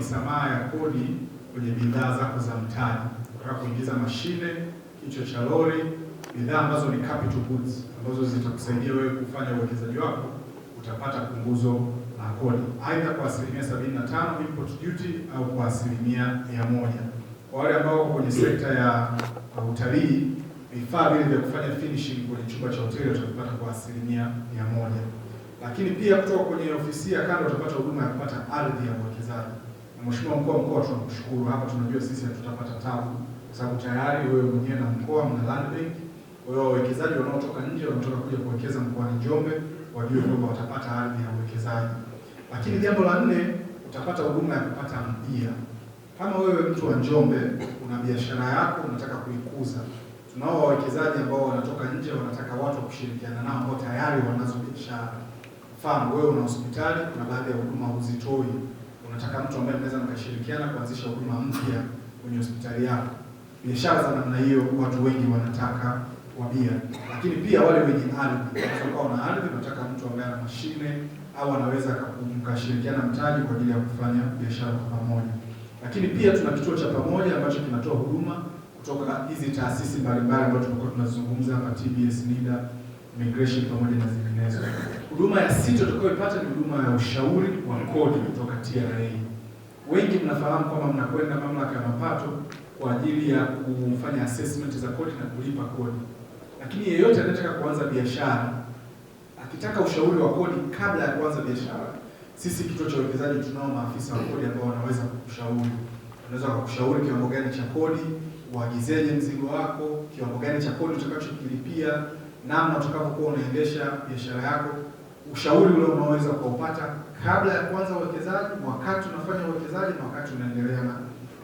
misamaha ya kodi kwenye bidhaa zako za mtaji. Unataka kuingiza mashine, kichwa cha lori, bidhaa ambazo ni capital goods ambazo zitakusaidia wewe kufanya uwekezaji wako, utapata punguzo la kodi, aidha kwa asilimia 75 import duty au kwa asilimia mia moja. Kwa wale ambao wako kwenye sekta ya utalii, vifaa vile vya kufanya finishing kwenye chumba cha hoteli utavipata kwa asilimia mia moja lakini pia kutoka kwenye ofisi ya kando utapata huduma ya kupata ardhi ya uwekezaji. Mheshimiwa mkuu wa mkoa tunakushukuru hapa, tunajua sisi hatutapata tabu kwa sababu tayari wewe mwenyewe na mkoa mna land bank. Kwa hiyo wawekezaji wanaotoka nje wanatoka kuja kuwekeza mkoani Njombe wajue kwamba watapata ardhi ya uwekezaji. Lakini jambo la nne, utapata huduma ya kupata mpia. Kama wewe mtu wa Njombe una biashara yako unataka kuikuza, tunao wawekezaji ambao wanatoka nje wanataka watu wa kushirikiana nao ambao tayari wanazo biashara. Mfano wewe una hospitali, kuna baadhi ya huduma huzitoi nataka mtu ambaye mnaweza nikashirikiana kuanzisha huduma mpya kwenye hospitali yako. Biashara za namna hiyo watu wengi wanataka wabia, lakini pia wale wenye ardhi na ardhi, nataka mtu ambaye ana mashine au anaweza mkashirikiana mtaji kwa ajili ya kufanya biashara kwa pamoja. Lakini pia tuna kituo cha pamoja ambacho kinatoa huduma kutoka hizi taasisi mbalimbali ambazo tumekuwa tunazungumza hapa, TBS, NIDA, Migration pamoja na zinginezo. Huduma ya sita tutakayoipata ni huduma ya ushauri wa kodi kutoka TRA. Wengi mnafahamu kwamba mnakwenda mamlaka ya mapato kwa ajili ya kufanya assessment za kodi na kulipa kodi, lakini yeyote anayetaka kuanza biashara akitaka ushauri wa kodi kabla ya kuanza biashara, sisi kituo cha uwekezaji tunao maafisa wa kodi ambao wanaweza kukushauri. Unaweza kukushauri kiwango gani cha kodi uagizeje mzigo wako, kiwango gani cha kodi utakachokilipia, namna utakapokuwa unaendesha biashara yako, ushauri ule unaweza kuupata kabla ya kuanza uwekezaji, wakati unafanya uwekezaji na wakati unaendelea na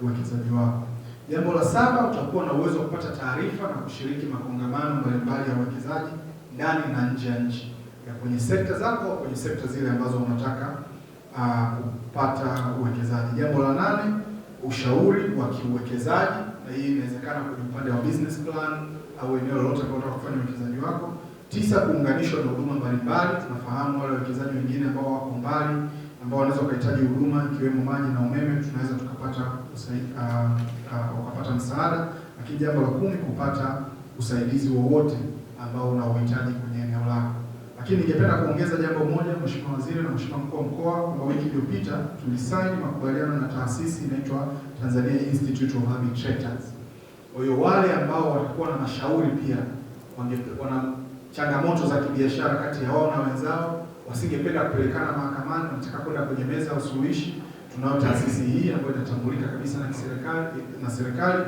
uwekezaji wako. Jambo la saba, utakuwa na uwezo wa kupata taarifa na kushiriki makongamano mbalimbali ya uwekezaji ndani na nje ya nchi ya kwenye sekta zako kwenye sekta zile ambazo unataka uh, kupata uwekezaji. Jambo la nane, ushauri wa kiuwekezaji, na hii inawezekana kwenye upande wa business plan au eneo lolote ambalo unataka kufanya uwekezaji wako Tisa, kuunganishwa na huduma mbalimbali. Tunafahamu wale wawekezaji wengine ambao wako mbali ambao wanaweza wakahitaji huduma ikiwemo maji na umeme, tunaweza tukapata ah, ah, wakapata uh, uh, msaada. Lakini jambo la kumi, kupata usaidizi wowote ambao unaohitaji kwenye eneo lako. Lakini ningependa kuongeza jambo moja, Mheshimiwa Waziri na Mheshimiwa Mkuu wa Mkoa, kwamba wiki iliyopita tulisaini makubaliano na taasisi inaitwa Tanzania Institute of Arbitrators. Kwa hiyo wale ambao watakuwa na mashauri pia wana changamoto za kibiashara kati ya wao na wenzao, wasingependa kupelekana mahakamani, wanataka kwenda kwenye meza ya usuluhishi. Tunao taasisi hii ambayo inatambulika kabisa na serikali na serikali,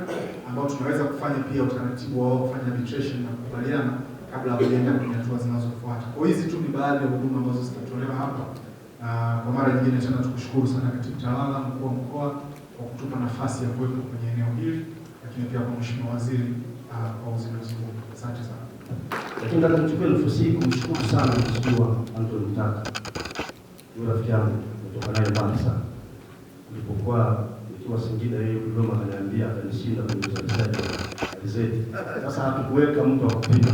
ambao tunaweza kufanya pia utaratibu wao kufanya arbitration na kukubaliana kabla ya kuenda kwenye hatua zinazofuata. Kwa hiyo hizi tu ni baadhi ya huduma ambazo zitatolewa hapa, na kwa mara nyingine tena tukushukuru sana katibu tawala, mkuu wa mkoa kwa kutupa nafasi ya kuwepo kwenye eneo hili, lakini pia kwa mheshimiwa waziri ah, kwa uzinduzi huu. Asante sana. Lakini nataka nichukue nafasi hii kumshukuru sana Mheshimiwa Anthony Mtaka, ni rafiki yangu, natoka naye mbali sana. Nilipokuwa nikiwa Singida, yeye Dodoma, akaniambia akanishinda kwenye uzalishaji wa Sasa hatukuweka mtu akupinda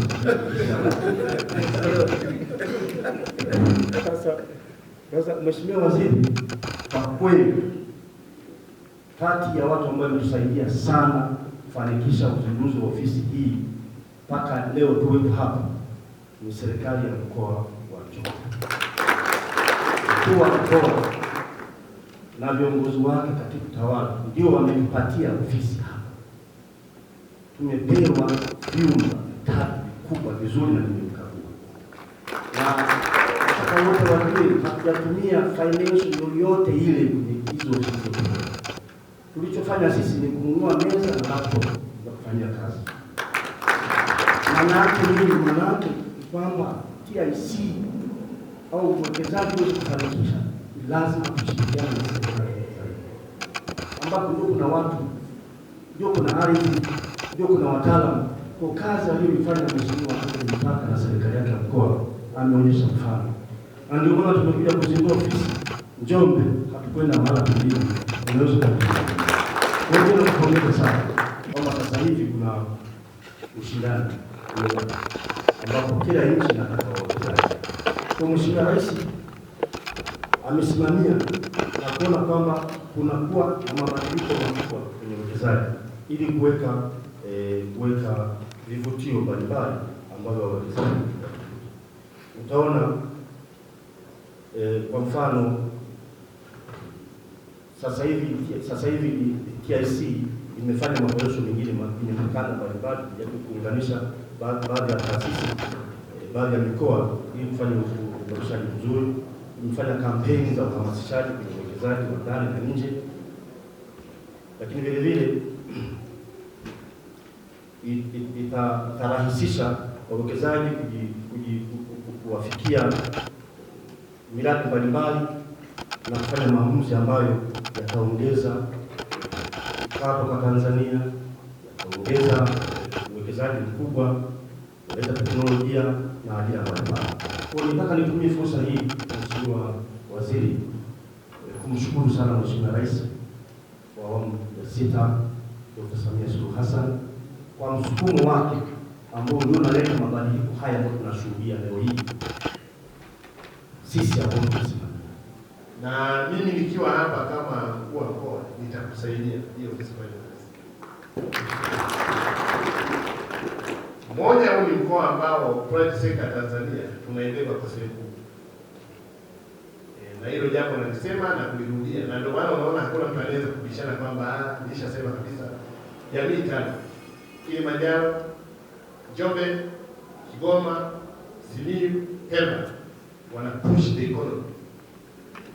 sasa sasa Mheshimiwa Waziri, kwa kweli kati ya watu ambao wametusaidia sana kufanikisha uzinduzi wa ofisi hii mpaka leo tuwepo hapa ni serikali ya mkoa wa Njombe. Mkuu wa mkoa na viongozi wake katika tawala ndio wamempatia ofisi hapa. Tumepewa vyumba vitatu vikubwa vizuri na vimekagua, na hata wote wageni hatujatumia finance yoyote ile hizo hizo. Tulichofanya sisi ni kununua meza na laptop za kufanyia kazi. Maanake nini? Maanake ni kwamba TIC au mwekezaji wetu kufanikisha ni lazima kushirikiana na serikali, ambapo ndio kuna watu, ndio kuna ardhi, ndio kuna wataalamu. Kwa kazi aliyoifanya Mheshimiwa kwenye mipaka na serikali yake ya mkoa ameonyesha mfano, na ndio maana tumekuja kuzindua ofisi Njombe, hatukwenda mara pengine. Unaweza kupongeza sana kwamba sasa hivi kuna ushindani kuweka, ambapo kila nchi inataka wawekezaji. Kwa Mheshimiwa Rais amesimamia na kuona kwamba kunakuwa na mabadiliko makubwa kwenye uwekezaji ili kuweka e, vivutio mbalimbali ambavyo wawekezaji utaona e, kwa mfano sasa hivi sasa hivi TIC imefanya maboresho mengine makana mbalimbali ya kuunganisha baadhi ya taasisi, baadhi ya mikoa ili kufanya uboreshaji mzuri. imefanya kampeni za uhamasishaji kwenye uwekezaji wa ndani na nje, lakini vile vile itarahisisha wawekezaji kuwafikia miradi mbalimbali na kufanya maamuzi ambayo yataongeza pato kwa Tanzania, yataongeza uwekezaji mkubwa kuleta teknolojia na ajira mbalimbali. Kwa hiyo nataka nitumie fursa hii, Mheshimiwa Waziri, kumshukuru sana Mheshimiwa Rais wa awamu ya sita Dr. Samia Suluhu Hassan kwa msukumo wake ambao ndio unaleta mabadiliko haya ambayo tunashuhudia leo hii sisi ambao tunasimamia. Na mimi nikiwa hapa kama mkuu wa mkoa nitakusaidia hiyo usimamizi moja huu ni mkoa ambao private sector Tanzania tunaibeba kwa sehemu kubwa. E, na hilo jambo nalisema na kulirudia na ndio maana unaona hakuna mtu anaweza kubishana kwamba ah, nilishasema kabisa jamii tano Kilimanjaro, Njombe, Kigoma, Simiyu, Pemba wana push the economy.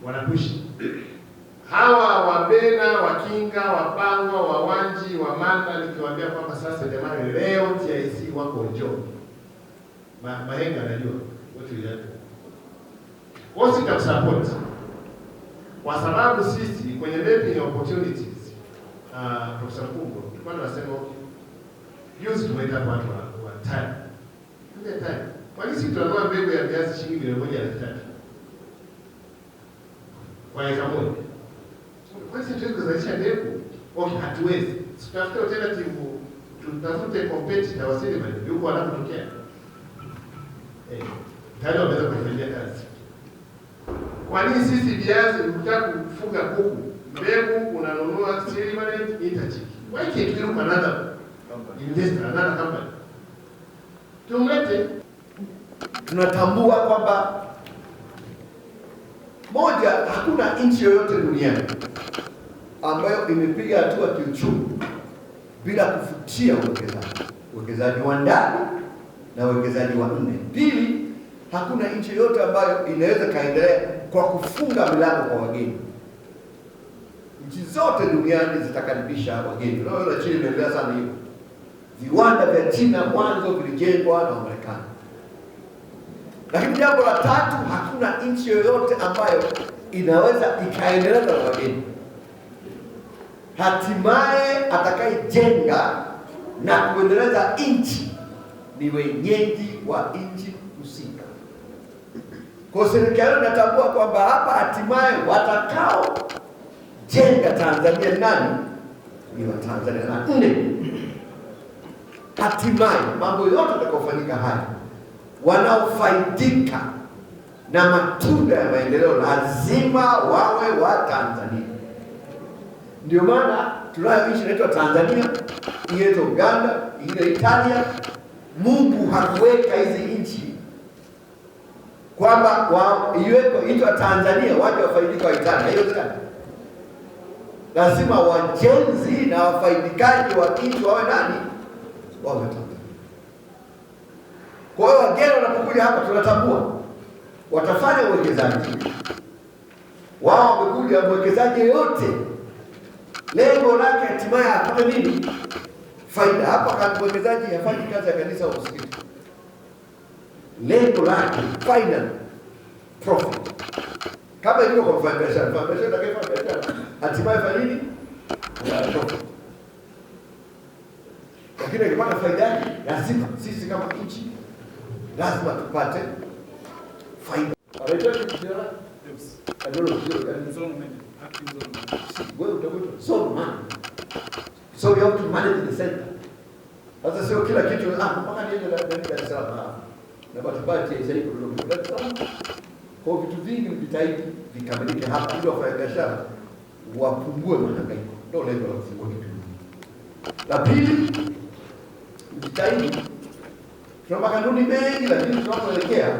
Wana push hawa Wabena, Wakinga, Wapangwa, Wawanji, Wamanda, nikiwaambia kwamba sasa jamani, leo TIC wako Njombe, ma Mahenga anajua wote sitakusupport kwa sababu sisi kwenye mapping opportunities uh, Profesa Mkumbo tulikuwa tunasema okay. juzi tumeita watu wa TARI ile TARI, kwa nini sisi tunanua mbegu ya viazi shilingi milioni moja laki tatu kwa eka moja kuzalisha mbegu okay, hatuwezi tutafute alternative, tutafute competitor wa Selemani yuko wanakotokea eh, tayari wameweza kufanya kazi. Kwa nini sisi viazi tunataka kufuga kuku mbegu unanunua Selemani Interchick? Why can't you look another company? investor another company tumlete? Tunatambua kwamba moja, hakuna nchi yoyote duniani ambayo imepiga hatua kiuchumi bila kufutia uwekezaji, uwekezaji wa ndani na uwekezaji wa nne. Pili, hakuna nchi yoyote ambayo inaweza kaendelea kwa kufunga milango kwa wageni. Nchi zote duniani zitakaribisha wageni. Unaona China imeendelea sana hivyo. Viwanda vya China mwanzo vilijengwa na Marekani. Lakini jambo la tatu, hakuna nchi yoyote ambayo inaweza ikaendeleza na wageni hatimaye atakayejenga na kuendeleza nchi ni wenyeji wa nchi husika. Kwa serikali natambua kwamba hapa hatimaye watakaojenga Tanzania nani? Ni Watanzania. Na nne, hatimaye mambo yote yatakayofanyika haya, wanaofaidika na matunda ya maendeleo lazima wawe wa Tanzania. Ndio maana tunayoishi inaitwa Tanzania, ingine Uganda, ingine Italia. Mungu hakuweka hizi nchi kwamba iweko wa Tanzania waje wafaidika wa Italia, hiyo lazima wajenzi na wafaidikaji wa kitu wawe nani? Wawe Tanzania. Kwa hiyo wageni wanapokuja hapa, tunatambua watafanya uwekezaji wao. Wamekuja mwekezaji yeyote lengo lake hatimaye apate nini? Faida. Hapa mwekezaji hafanyi kazi ya kanisa au msikiti, lengo lake final profit. Kama ilivyo kwa mfanyabiashara, mfanyabiashara atakayefanya biashara hatimaye fanya nini? Profit. Lakini akipata faida yake, lazima sisi kama nchi lazima tupate faida. Arejea Yes wewe so man so you have to manage the center. Sasa sio kila kitu ah, mpaka niende la Dar es Salaam na batibati ya zaidi kuliko Dar es vitu vingi vitaidi vikamilike hapa ili wafanyabiashara wapungue mahangaiko, ndio lengo la kufungua kitu. La pili jitahidi, tuna makanuni mengi, lakini tunapoelekea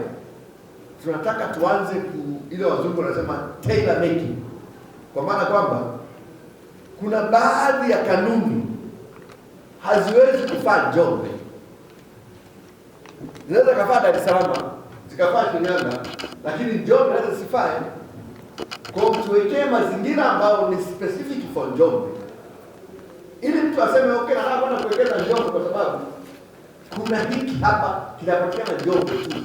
tunataka tuanze ku ile wazungu wanasema tailor making kwa maana kwamba kuna baadhi ya kanuni haziwezi kufaa Njombe, zinaweza kafaa Dar es Salaam, zikafaa Shinyanga, lakini Njombe naweza sifae. Kwa tuwekee mazingira ambayo ni specific for Njombe, ili mtu aseme okay, na kwenda kuwekeza Njombe kwa sababu kuna hiki hapa kinapatikana Njombe tu.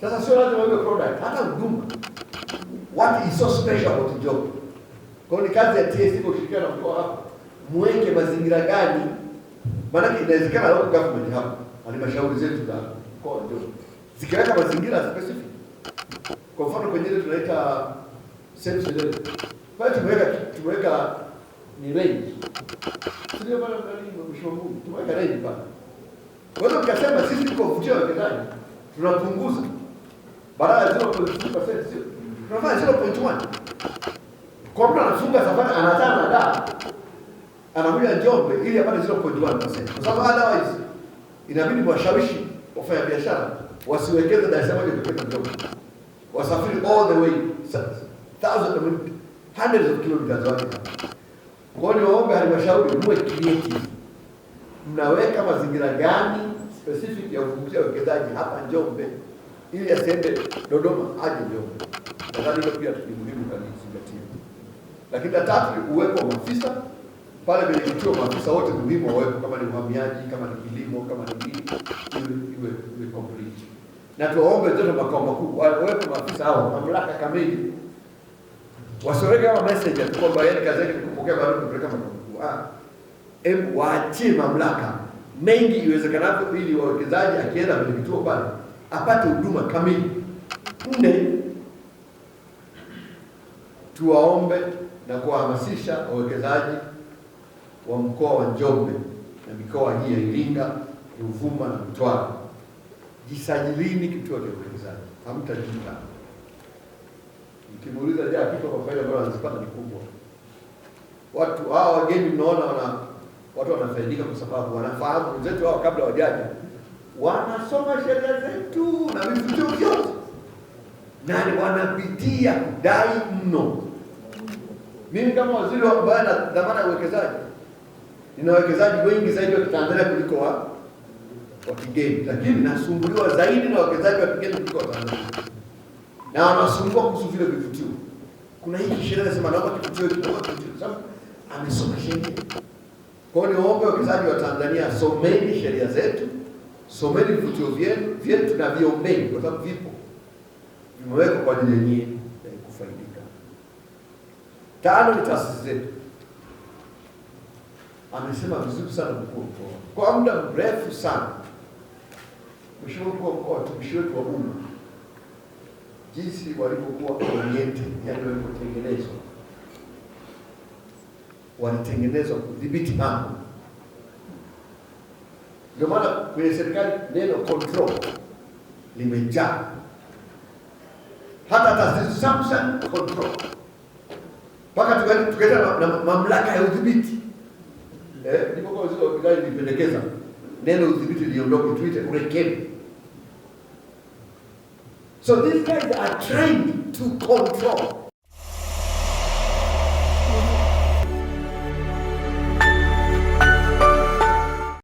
Sasa sio lazima iwe product, hata huduma What is so special about the Job? Kwa ni kazi ya TSC kwa kushirikiana na mkoa wako, muweke mazingira gani? Maanake inawezekana local government hapo, halmashauri zetu za mkoa wa Njombe zikiweka mazingira specific. Kwa mfano kwenye ile tunaita sense level, pale tumeweka tumeweka ni range, sio bana nani, mheshimiwa Mungu, tumeweka range pale. Kwa hiyo tukasema sisi tuko wa wawekezaji, tunapunguza badala ya 0.2% sio unafanya 0.1 kwa mtu anafunga safari anatana anakuja Njombe ili apate 0.1%, kwa sababu otherwise inabidi washawishi wafanya biashara wasiwekeze Dar es Salaam wasafiri all the way thousands of hundreds of kilometers Kwa hiyo niwaombe halmashauri muwe creative, mnaweka mazingira gani specific ya kuvutia wekezaji hapa Njombe ili asiende Dodoma aje Njombe. Nadhani hilo pia ni muhimu kuzingatia. Lakini la tatu ni uwepo wa maafisa pale kwenye kituo, maafisa wote muhimu wawepo, kama ni uhamiaji, kama ni kilimo, kama ni nini, iwe iwe complete. Na tuwaombe zote makao makuu wawepo maafisa hao, mamlaka kamili, wasiweke kama message tu kwamba yeye yaani kazi yake kupokea barua kupeleka makao makuu. Ah, hebu waachie mamlaka mengi iwezekanavyo, ili wawekezaji akienda kwenye kituo pale apate huduma kamili. Nne, tuwaombe na kuwahamasisha wawekezaji wa mkoa wa Njombe na mikoa hii ya Iringa, Ruvuma na Mtwara, jisajilini kituo cha uwekezaji, hamtajuta. Mkimuuliza je, kitu kwa faida ambayo wanazipata ni kubwa. Watu hawa wageni mnaona wana watu wanafaidika kwa sababu wanafahamu wenzetu hao kabla wajaja wanasoma sheria zetu na vivutio vyote na wanapitia dai mno mimi kama waziri wa habari na dhamana ya uwekezaji, nina wawekezaji wengi zaidi wa Kitanzania kuliko wa wa kigeni, lakini nasumbuliwa zaidi na wawekezaji wa kigeni kuliko wa Tanzania, na wanasumbua kuhusu vile vivutio. Kuna hii sheria inasema naomba kivutio kwa kivutio sababu amesoma sheria. Kwa hiyo niwaombe wawekezaji wa Tanzania, someni sheria zetu, someni vivutio vyetu vyetu na viombeni, kwa sababu vipo vimewekwa kwa ajili yenyewe tano ni taasisi zetu. Amesema vizuri sana mkuu wa mkoa, kwa muda mrefu sana Mheshimiwa mkuu wa mkoa, watumishi wetu wa umma jinsi walivyokuwa oriented, yani walivyotengenezwa, walitengenezwa kudhibiti mambo. Ndio maana kwenye serikali neno control limejaa, hata taasisi zangu control mpaka tukaenda na mamlaka ya udhibiti. Mm. Eh? Nilipokuwa kwa wa bidai nipendekeza neno udhibiti liondoke, tuite urekebi. So these guys are trying to control